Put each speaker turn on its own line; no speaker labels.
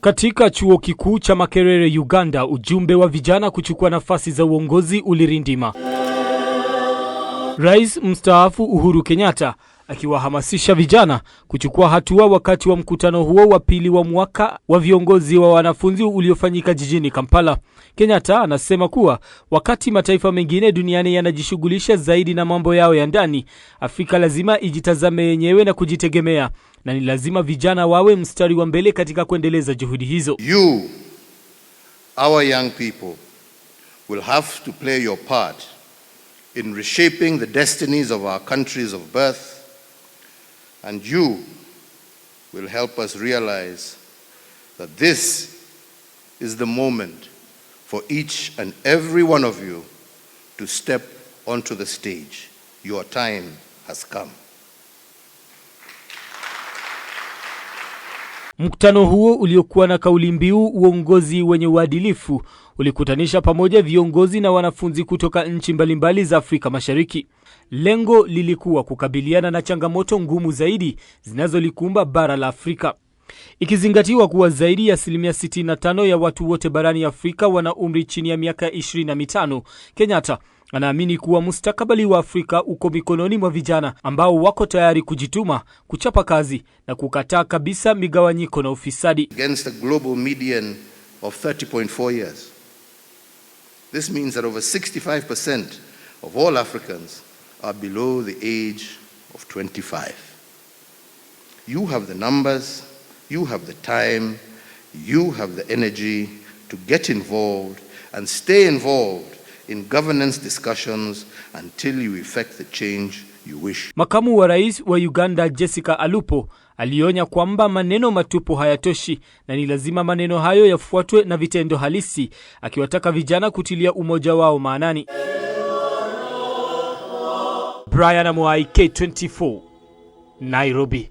Katika chuo kikuu cha Makerere Uganda, ujumbe wa vijana kuchukua nafasi za uongozi ulirindima. Rais mstaafu Uhuru Kenyatta akiwahamasisha vijana kuchukua hatua wakati wa mkutano huo wa pili wa mwaka wa viongozi wa wanafunzi uliofanyika jijini Kampala. Kenyatta anasema kuwa wakati mataifa mengine duniani yanajishughulisha zaidi na mambo yao ya ndani, Afrika lazima ijitazame yenyewe na kujitegemea, na ni lazima vijana wawe mstari wa mbele katika kuendeleza juhudi hizo.
You, our young people, will have to play your part in reshaping the destinies of our countries of birth And you will help us realize that this is the moment for each and every one of you to step onto the stage. Your time has come.
Mkutano huo uliokuwa na kauli mbiu uongozi wenye uadilifu ulikutanisha pamoja viongozi na wanafunzi kutoka nchi mbalimbali za Afrika Mashariki. Lengo lilikuwa kukabiliana na changamoto ngumu zaidi zinazolikumba bara la Afrika, ikizingatiwa kuwa zaidi ya asilimia 65 ya watu wote barani Afrika wana umri chini ya miaka 25. Kenyatta anaamini kuwa mustakabali wa Afrika uko mikononi mwa vijana ambao wako tayari kujituma, kuchapa kazi na kukataa kabisa migawanyiko na ufisadi.
Against the global median of 30.4 years. This means that over 65% of all Africans are below the age of 25. You have the numbers, you have the time, you have the energy to get involved and stay involved in governance discussions until you effect the change you wish.
Makamu wa Rais wa Uganda Jessica Alupo alionya kwamba maneno matupu hayatoshi na ni lazima maneno hayo yafuatwe na vitendo halisi, akiwataka vijana kutilia umoja wao maanani. Brian Mwai, K24, Nairobi.